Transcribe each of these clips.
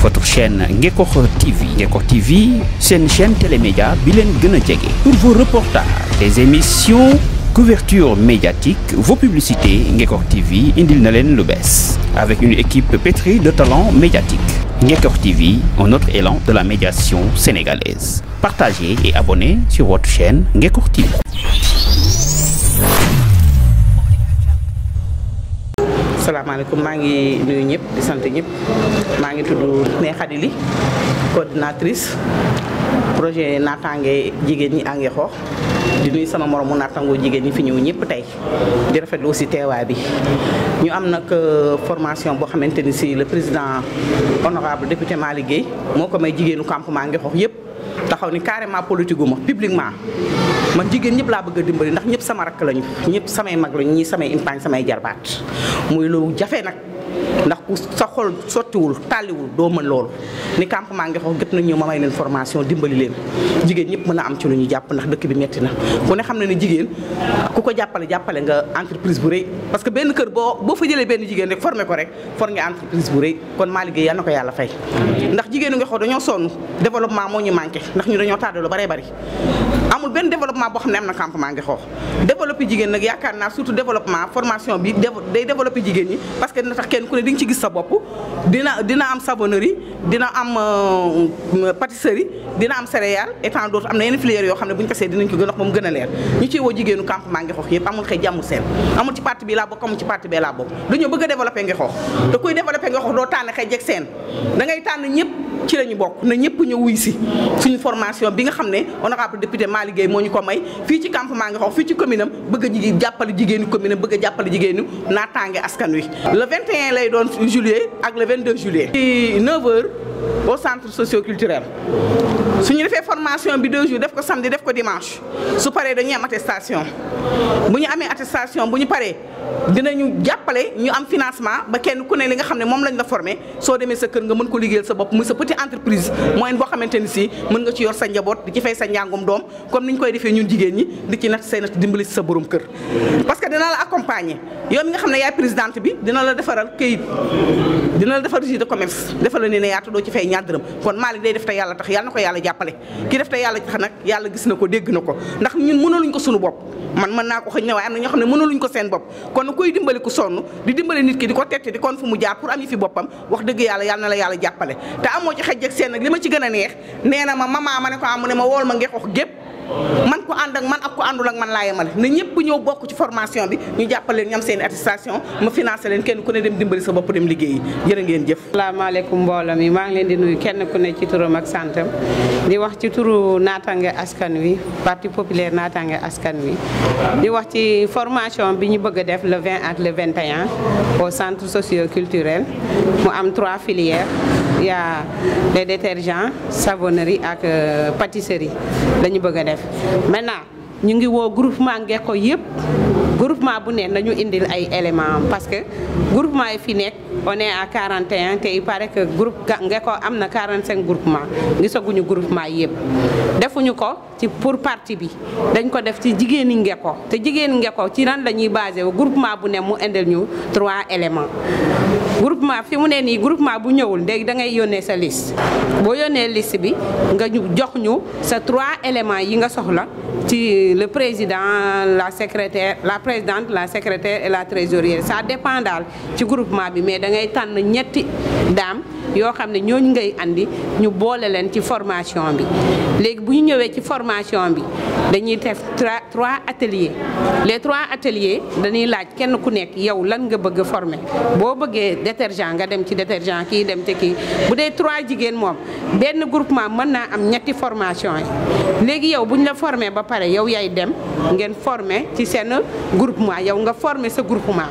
votre chaîne Ngekokh TV Ngekokh TV une chaîne télémédia bi leen pour vos reportages des émissions couverture médiatique vos publicités Ngekokh TV indil Nalen Lubes. avec une équipe pétrie de talents médiatiques Ngekor TV un autre élan de la médiation sénégalaise partagez et abonnez sur votre chaîne Ngekor TV asalaamaaleykum maa ngi nuyu ñëpp di sant ñëpp maa ngi tudd Ndeye Khady Ly coordinatrice projet naataange jigéen ñi Anguekho di nuyu sama moromu naataangoo jigéen ñi fi ñëw ñëpp tey di rafetlu aussi teewaay bi. ñu am nag euh, formation boo xamante ni si le président honorable député Malick liggéey moo ko may jigéenu campement Anguekho yëpp. taxaw ni carrément politique gu ma publiquement ma jigéen ñëpp laa bëgg a dimbali ndax ñëpp sama rakk lañu ñëpp samay mag lañu ñii samay impaañ samay jarbaat muy lu jafe nag. sa xol sottiwul tàlliwul doo mën loolu ni campement ngi xox gët nañu ma may leen formation dimbali leen jigéen ñëpp mën a am ci lu ñu jàpp ndax dëkk bi metti na ku ne xam na ne jigéen ku ko jàppale jàppale nga entreprise bu rëy parce que benn kër boo boo fa jëlee benn jigéen rek formé ko rek for nga entreprise bu rëy kon maa liggéey yal na ko yàlla fay ndax jigéen nga xool dañoo sonn développement moo ñu manqué ndax ñu dañoo tardé lu bare bari amul benn développement boo xam ne am na campement ngi xoox développé jigéen nag yaakaar naa surtout développement formation bi day développé jigéen ñi parce que dina tax kenn ku ne di ci gis sa bopp dina am savonnerie dina am euh, euh, pâtisserie dina am céréales et tant d'autres am na yenn yoo xam ne bu ñu ko see dinañ ko gën a moom gën a leer ñu ciy woo jigéenu campement ngi xoox yëpp amul xëy jàmmu seen amul ci parti bi laa bokk amul ci parti bee laa bokk dañoo bëgg a développé ngi xoox te kuy développé ngi xoox doo tànn xëy jeg si suñu formation bi nga liggéey moo ko may fi ci campement nga xoox fi ci commune bëgg ñi jigéen jàppale jigéenu commune bëgg a jàppale jigéenu naataange askan wi le 21 lay doon juillet ak le 22 juillet ci 9 h au centre socioculturel su ñu defee formation bi deux jours def ko samedi def ko dimanche su paree dañuy am attestation bu ñu amee attestation bu ñu dinañu jàppale ñu am financement ba kenn ku ne li nga xam ne moom lañ la formé soo demee sa kër nga mën ko liggéeyal sa bopp muy sa petite entreprise moyenne boo xamante ni si mën nga ci yor sa njaboot di ci fay sa njàngum doom comme niñ koy defee ñun jigéen ñi di ci nat say nat dimbali si sa borom kër parce que dina la accompagner yow nga xam ne yaay présidente bi dina la defaral këyit dina la defal registre de commerce la ne ne yaatu doo ci fay ñaar dërëm kon Malick day def te yàlla tax yàlla ko yàlla jàppale ki def te yàlla tax nag gis na ko dégg na ko ndax ñun mënaluñ ko sunu bopp man mën naa ko xëñ na waaye am na ñoo xam ne mënaluñ ko seen bopp kon na koy dimbali ku sonn di dimbali nit ki di ko tette di kon fu mu jaar pour am yi fi boppam wax dëgg yàlla yàlla na la yàlla jàppale te amoo ci xej ak seen nag li ma ci gën a neex nee na ma mamaa ma ne ko am ah, ne ma wool ma ngeex wax gépp man ku ànd ak man ak ku àndul laa yemale na ñëpp ñëw bokk ci formation bi ñu jàppale ñam seen attestation ma financé leen kenn ku ne dem dimbali sa bopp dem liggéeyi jërë ngeen jëf. salaamaaleykum mbooloo mi maa ngi leen di nuyu kenn ku ne ci turam ak santam di wax ci turu naataange askan wi parti populaire naataange askan wi di wax ci formation bi ñu bëgg a def le 20 ak le 21 au centre socio culturel mu am trois filières. il y a des détergents savonnerie ak euh, pâtisserie la ñu bëgg a def maintenant ñu ngi woo groupement Ngeko yëpp groupement bu ne nañu indil ay éléments parce que groupement yi fi nekk on est à 41 te i paraît que groupe Ngeko am na cinq groupement gisaguñu groupement yëpp defuñu ko. ci pour parti bi dañ ko def ci jigéeni Ngeko te jigéeni Ngeko ci ren la basé wu groupement bu ne mu indel ñu trois éléments groupement fi mu ne nii groupement bu ñëwul léegi da ngay yónnee sa liste boo yónnee liste bi nga ñu jox ñu sa trois éléments yi nga soxla ci le président la secrétaire la présidente la secrétaire et la trésorière ça dépend ci groupement bi mais da ngay tànn ñetti daam yoo xam ne ñooñu ngay andi ñu boole leen ci formation bi léegi bu ñu ñëwee ci formation bi dañuy def trois ateliers les trois ateliers dañuy laaj kenn ku nekk yow lan nga bëgg a former boo bëggee détergent nga dem ci détergent kii dem te kii bu dee trois jigéen moom benn groupement mën naa am ñetti formation yi léegi yow bu ñu la former ba pare yow yaay dem ngeen former ci seen groupement yow nga former sa groupement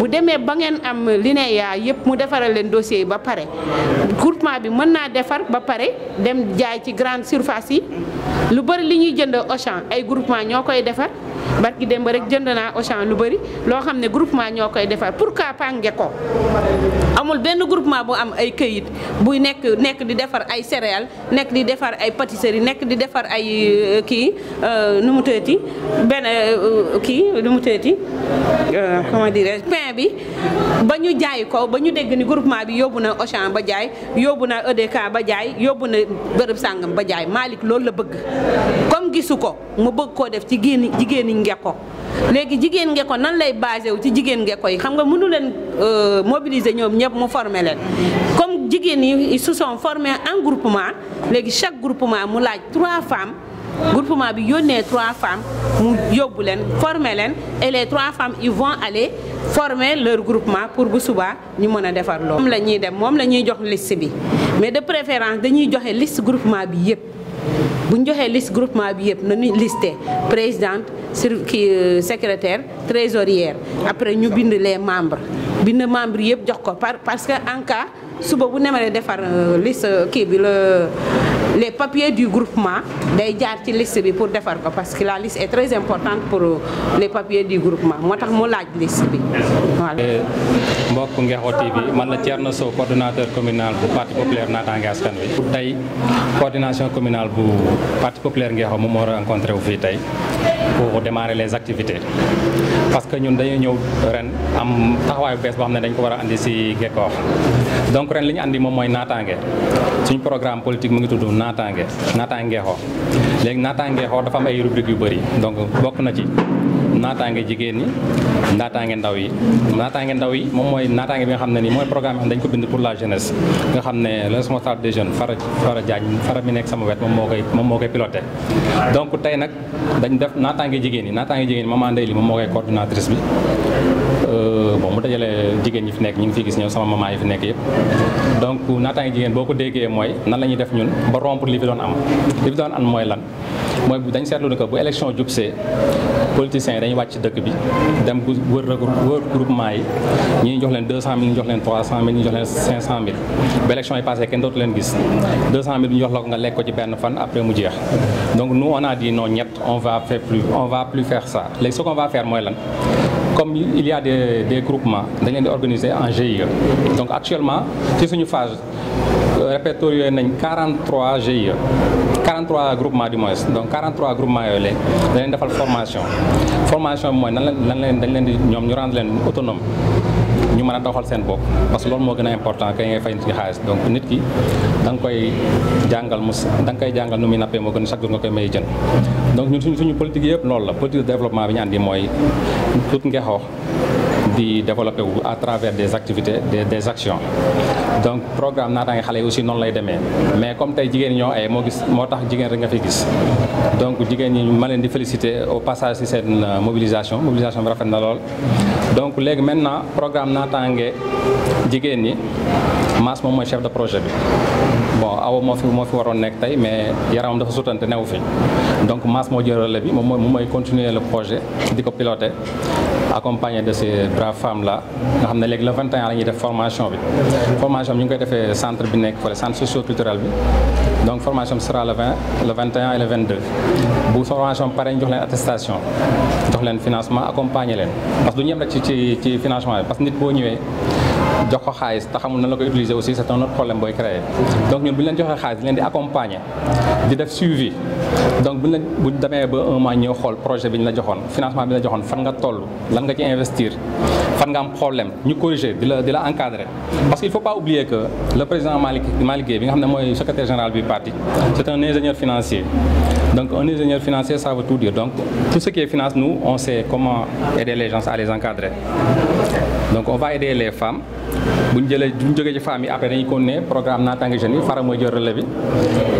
bu demee ba ngeen am linéa yëpp mu defaral leen dossier yi ba pare groupement bi mën naa defar ba pare dem jaay ci grande surface yi lu bëri li ñuy jënd Auchan ay groupement ñoo koy defar barki dem ba rek jënd naa Auchan lu bëri loo xam ne groupement ñoo koy defar pourquoi pas Ngeko amul benn groupement bu am ay këyit buy nekk nekk di defar ay céréales nekk di defar ay pâtisserie nekk di defar ay euh, euh, euh, kii nu mu tëti benn kii nu mu tëti comment dire pin bi ba ñu jaay ko ba ñu dégg ni groupement bi yóbbu na Auchan ba jaay yóbbu na EDK ba jaay yóbbu na bërëb sàngam ba jaay Malick loolu la bëgg comme gisu ko mu bëgg koo def ci génn jigéen ñi ngekko léegi jigéen ko nan lay basé wu ci jigéen ngekko yi xam nga mënu leen euh, mobiliser ñoom ñëpp mu former leen comme jigéen yi se sont formés en groupement léegi chaque groupement mu laaj trois femmes groupement bi yónnee trois femmes yóbbu leen former leen et les trois femmes ils vont aller former leur groupement pour bu subaa ñu mën a defar loolu. moom la ñuy dem moom la ñuy jox liste bi mais de préférence dañuy joxe liste groupement bi yëpp bu ñu joxee liste groupement bi yëpp nañu listé présidente sur kii euh, secrétaire trésorière après ñu bind les membres bind membres yëpp jox ko parce que en cas suba bu nemaree defar euh, liste euh, kii bi la. les papiers du groupement day jaar ci liste bi pour defar ko parce que la liste est très importante pour euh, les papiers du groupement moo tax mu laaj liste bi eh, mbokk Ngexo TV man la Thierno Sow coordonnateur communal bu parti populaire naataange askan wi. tey coordination communale bu parti populaire Ngexo moom moo rencontré wu fii tey. pour démarrer les activités parce que ñun dañuy ñëw ren am taxawaay bu bees boo xam ne dañ ko war a andi si Gekkoor donc ren li ñu andi moom mooy naataange suñ programme politique mu ngi tudd naataange naataangeexoo léegi naataangeexoo dafa am ay rubrique yu bëri donc bokk na ci naataange jigéen ñi naataange ndaw yi naataange ndaw yi moom mooy naataange bi nga xam ne nii mooy programme dañ ko bind pour la jeunesse nga xam ne le responsable des jeunes Fara Fara Diagne Fara mi nekk sama moom moo koy moom moo koy piloté donc tey nag dañ def naataange jigéen ñi naataange jigéen ñi maman Ndeye li moom moo koy coordinatrice bi euh, bon mu dajale jigéen ñi fi nekk ñu ngi fi gis ñoom sama maman yi fi nekk yëpp donc naataange jigéen boo ko déggee mooy nan la ñuy def ñun ba rompre li fi doon am li fi doon mooy lan Moi, bu dañ seetlu l'élection bu élection politiciens ont wacc dëkk bi dem wër wër groupement yi ñi jox leen 200 000, jox leen 300 000, jox leen 500 000. élection yi passé kenn dootu leen gis 200 ñu jox la nga ci fan après mu donc nous on a dit non on va faire plus on va plus faire ça Les ce qu'on va faire moy comme il y a des groupements dañ leen organiser en GIE donc actuellement ci suñu phase répertorié nañ 43 GIE 43 groupement du moins donc 43 groupement yooyu léegi dañ leen defal formation formation bi mooy nan la nan leen dañ leen di ñoom ñu rendre leen autonome ñu mën a doxal seen bopp parce que loolu moo gën a important kay ngay fay nit ki xaalis donc nit ki da nga koy jàngal mu da nga koy jàngal nu muy nappee moo gën chaque jour nga koy may jën donc ñun suñu suñu politique yëpp loolu la politique de développement bi ñu andi mooy tut ngexoox développer développé à travers des activités des actions donc programme n'a pas yi aussi non lay démé mais comme tu jigen ñoo ay mo gis moo tax nga fi gis donc jigen ñi ma di féliciter au passage ci cette euh, mobilisation mobilisation bi rafet na donc léegi maintenant programme pas jigen ñi Mass moom mooy chef de projet bi bon awa mo fi mo fi waroon nekk tey mais yaram dafa soutante newu fi donc Mass mo jëralé relais bi moom mooy continuer le projet diko piloter accompagné de ces braves femmes là nous avons le 21 la de formation formation nous avons fait le centre bi le centre socio-culturel donc formation sera le le 21 et le 22 Pour la formation par ñu jox leen attestation jox financement accompagner leen parce que nous, ñu yem financement parce que nous, jox ko ta xamul nan la utiliser aussi c'est un autre problème boy créer donc ñun bu leen di accompagner di def suivi donc bu ñu la bu ba un mois projet un la joxone financement un la joxone fan nga tollu lan nga ci investir fan nga am problème ñu corriger di la di la encadrer parce qu'il ne faut pas oublier que le président Malik Malik bi secrétaire général du parti c'est un ingénieur financier donc un ingénieur financier ça veut tout dire donc tout ce qui est finance nous on sait comment aider les gens à les encadrer donc on va aider les femmes bu jëlé jëlee joggé ci femmes après dañuy continuer programme naataange jeune yi Fara mooy jël relais bi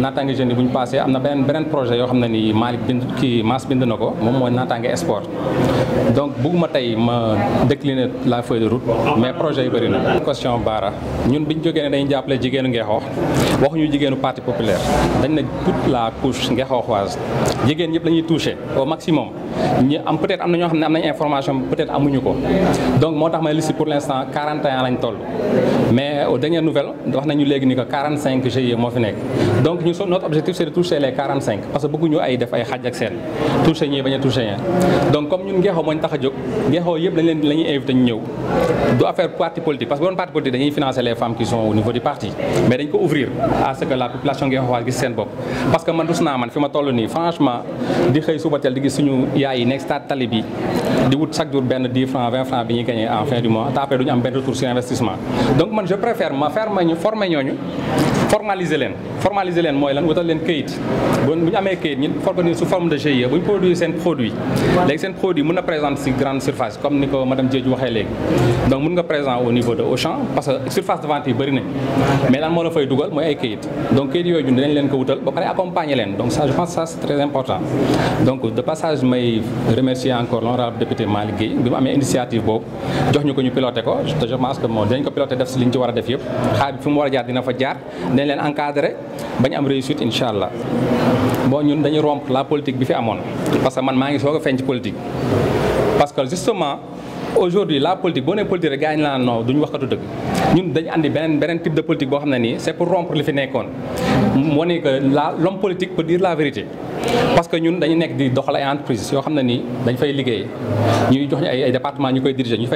naataange jeunes passé amna benen benen projet yo xamna ni Malick bind ki Mass bind nako mom moy mooy naataange sport donc bugguma tay ma décliner la feuille de route mais projet yi bari na. question bara ñun bi ñu jógee ne jigen jàppale jigéenu Ngexoox ñu jigéenu parti populaire dañ na toute la couche ngexooxoise jigéen jigen ñep lañuy toucher au maximum ñi am peut-être am na ñoo xam am nañ information peut-être amuñu ko donc motax tax ma liste pour l'instant 41 lañ mais aux dernières nouvelles wax nañu légui ni que 45 GIE mo fi nek donc ñu notre objectif c'est de toucher les 45 parce que beaucoup ñu ay def ay xaj ak sen toucher ñi baña toucher donc comme ñun ngeexoo moñ ñu tax a jóg lañ leen la inviter du affaire parti politique parce que bon parti politique dañuy financer les femmes qui sont au niveau du parti mais dañ ko ouvrir à ce que la population wa gis seen bop parce que man dus man fi ma franchement di xey suba di gis suñu yaay nek stade di wut chaque jour benn 10 francs 20 francs bi ñuy gagné en fin du mois te après du ñu am benn retour sur investissement donc man je préfère ma faire ma ñu formaliser len formaliser len moy lan wotal len keuyit bu amé keuyit këyit ñun forme sous forme de GIE bu produire sen produit légui sen produit mun na présenter si grande surface comme niko madame Diédhiou waxé légui donc mun nga présent au niveau de Auchan parce que surface de vente yi bari nañ mais lan mo la fay dugal moy ay keuyit donc keuyit yooyu ñun dinañ len ko wutal ba paré accompagner len donc ça je pense ça c'est très important donc de passage may remercier encore l'honorable député Malick Guèye bi mu initiative boobu jox ñu ko ñu piloter ko je pense que mo dañ ko piloter def ci liñ ci wara def yépp xaar fi mu jaar dina fa jaar dinañ leen encadré bañ am réussite incha allah boo ñun dañu rompre la politique bi fi amoon parce que man maa ngi soog a feeñ ci politique parce que justement aujourd'hui la politique boo nee politique rek gars yi ñu la non duñu waxkatu dëgg ñun dañu andi beneen beneen type de politique boo xam ne nii c'est pour rompre li fi nekkoon moo ne que la l'homme politique peut dire la vérité parce que ñun dañu nekk di doxal ay entreprise yoo xam ne nii dañ fay liggéey ñuy jox ñu ay ay ñu koy diriger ñu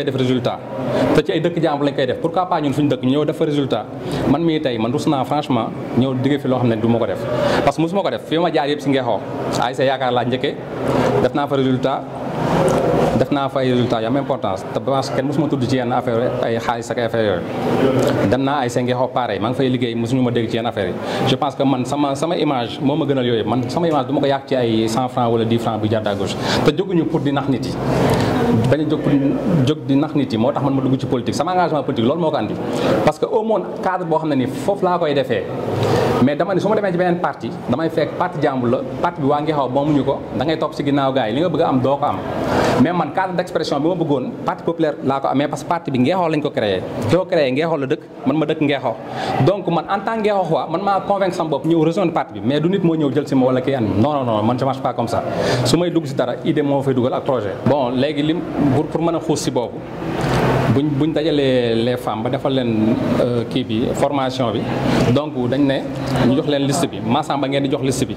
ñëw def fa résultat man mii tey man rus naa franchement ñëw digge fi loo xam ne du ma ko def parce que mosuma ko def fi ma jaar yëpp si ngeexoo ay sa yaakaar laa njëkkee def naa fa résultat def naa fa ay résultats yu am importance te branche kenn mosuma tudd ci yenn affaire ay xaalis ak affaire yooyu dem naa ay sengi xaw ma dégg ci yenn affaire yi man sama sama image ma gënal yooyu man sama image du ma ko yàq ci ay 100 francs wala 10 francs bu jàdd nit yi moo tax man ma dugg ci politique sama engagement politique loolu moo que au moins cadre boo foofu koy defee mais dama ne su ma demee ci beneen parti damay fekk parti jàmbur la parti bi waa ngi xaw moomuñu ko da ngay topp si ginnaaw gars yi li nga bëgg am doo ko am mais man cadre kan d'expression bima bëggoon parti populaire la ko amé parce parti bi xol lañ ko créé do ko créé ngeexoo la dëkk man ma dëkk xox donc man en tant ngey xox wa man ma convaincre sam bop ñeu rejoindre parti bi mais du nit mo ñeu jël ci mo wala kii an non non non man ça marche pas comme ça sumay dugg ci dara idée mo fay duggal ak projet bon légui lim pour pour mën a xuus si buñ buñ dajalé les femmes ba defal leen euh, ki bi formation bi donc dañ né ñu jox leen liste bi Massamba ngeen di jox liste bi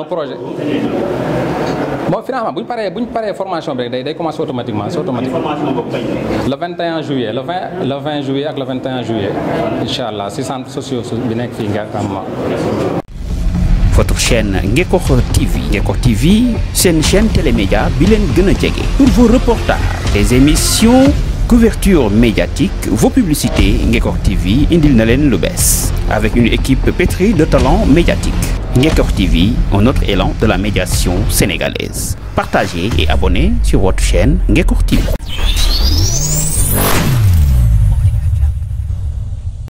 un projet bon finalement vous parlez de bu formation vous commencez commence automatiquement le 21 juillet le 20 le juillet avec le 21 juillet Inch'Allah, c'est sociaux bi nekk votre chaîne Ngeko TV. Ngeko TV, c'est une chaîne télémédia Bilen Gnadjegé. Pour vos reportages, les émissions, couverture médiatique, vos publicités, Ngeko TV, Indil Nalen Lubes. Avec une équipe pétrie de talents médiatiques. Niekor TV, un autre élan de la médiation sénégalaise. Partagez et abonnez sur votre chaîne Niekor TV.